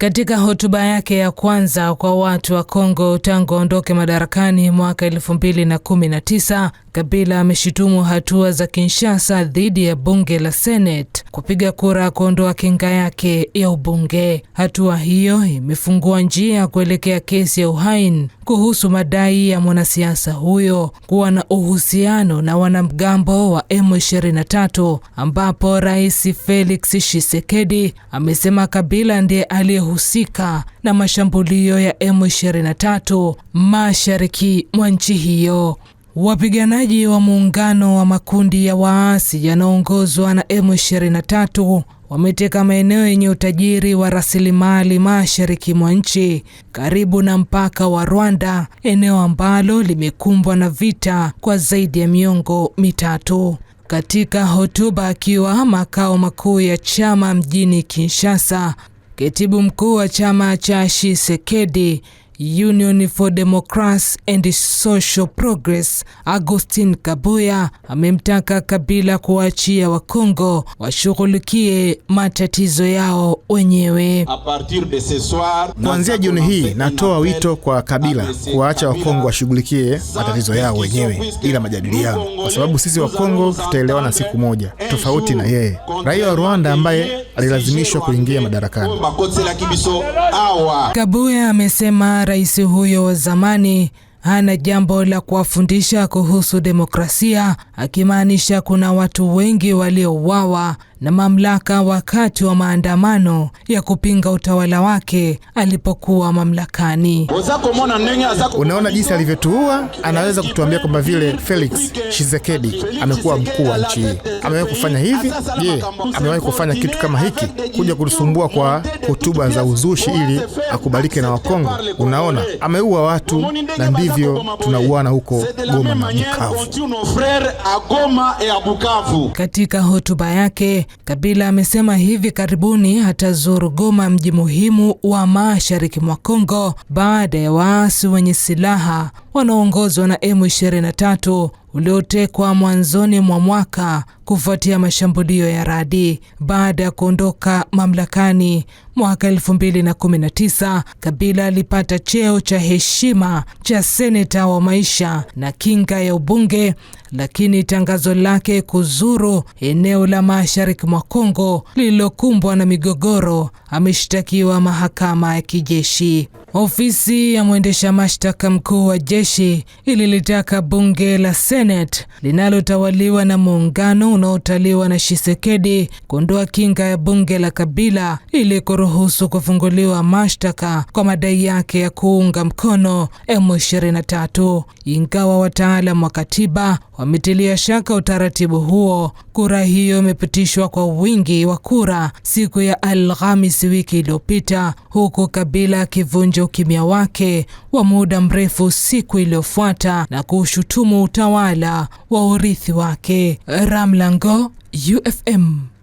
Katika hotuba yake ya kwanza kwa watu wa Kongo tangu aondoke madarakani mwaka elfu mbili na kumi na tisa Kabila ameshutumu hatua za Kinshasa dhidi ya bunge la Senate kupiga kura ya kuondoa kinga yake ya ubunge. Hatua hiyo imefungua njia ya kuelekea kesi ya uhaini kuhusu madai ya mwanasiasa huyo kuwa na uhusiano na wanamgambo wa M23, ambapo Rais Felix Tshisekedi amesema Kabila ndiye aliyehusika na mashambulio ya M23 mashariki mwa nchi hiyo. Wapiganaji wa muungano wa makundi ya waasi yanayoongozwa na M23 wameteka maeneo yenye utajiri wa rasilimali mashariki mwa nchi karibu na mpaka wa Rwanda, eneo ambalo limekumbwa na vita kwa zaidi ya miongo mitatu. Katika hotuba akiwa makao makuu ya chama mjini Kinshasa, katibu mkuu wa chama cha Tshisekedi Union for Democracy and Social Progress Agustin Kabuya amemtaka Kabila kuwaachia Wakongo washughulikie matatizo yao wenyewe. Kuanzia jioni hii, natoa wito kwa Kabila kuwaacha Wakongo washughulikie matatizo yao wenyewe bila majadiliano, kwa sababu sisi Wakongo tutaelewana siku moja, tofauti na yeye raia wa Rwanda ambaye alilazimishwa kuingia madarakani. Kabuya amesema rais huyo wa zamani ana jambo la kuwafundisha kuhusu demokrasia, akimaanisha kuna watu wengi waliouawa na mamlaka wakati wa maandamano ya kupinga utawala wake alipokuwa mamlakani. Unaona jinsi alivyotuua, anaweza kutuambia kwamba vile Felix Tshisekedi amekuwa mkuu wa nchi hii, amewahi kufanya hivi? Je, amewahi kufanya kitu kama hiki, kuja kutusumbua kwa hotuba za uzushi ili akubalike na Wakongo? Unaona, ameua watu, na ndivyo tunauana huko Goma na Bukavu. Katika hotuba yake Kabila amesema hivi karibuni atazuru Goma, mji muhimu wa mashariki mwa Kongo, baada ya waasi wenye silaha wanaoongozwa na M23 uliotekwa mwanzoni mwa mwaka kufuatia mashambulio ya radi. Baada ya kuondoka mamlakani mwaka 2019, Kabila alipata cheo cha heshima cha seneta wa maisha na kinga ya ubunge lakini tangazo lake kuzuru eneo la mashariki mwa Kongo lililokumbwa na migogoro ameshtakiwa mahakama ya kijeshi. Ofisi ya mwendesha mashtaka mkuu wa jeshi ililitaka bunge la Senate linalotawaliwa na muungano unaotaliwa na Shisekedi kuondoa kinga ya bunge la Kabila ili kuruhusu kufunguliwa mashtaka kwa madai yake ya kuunga mkono M23, ingawa wataalam wa katiba wametilia shaka utaratibu huo. Kura hiyo imepitishwa kwa wingi wa kura siku ya Alhamisi rais wiki iliyopita, huku Kabila akivunja ukimya wake wa muda mrefu siku iliyofuata na kuushutumu utawala wa urithi wake. Ramlango, UFM.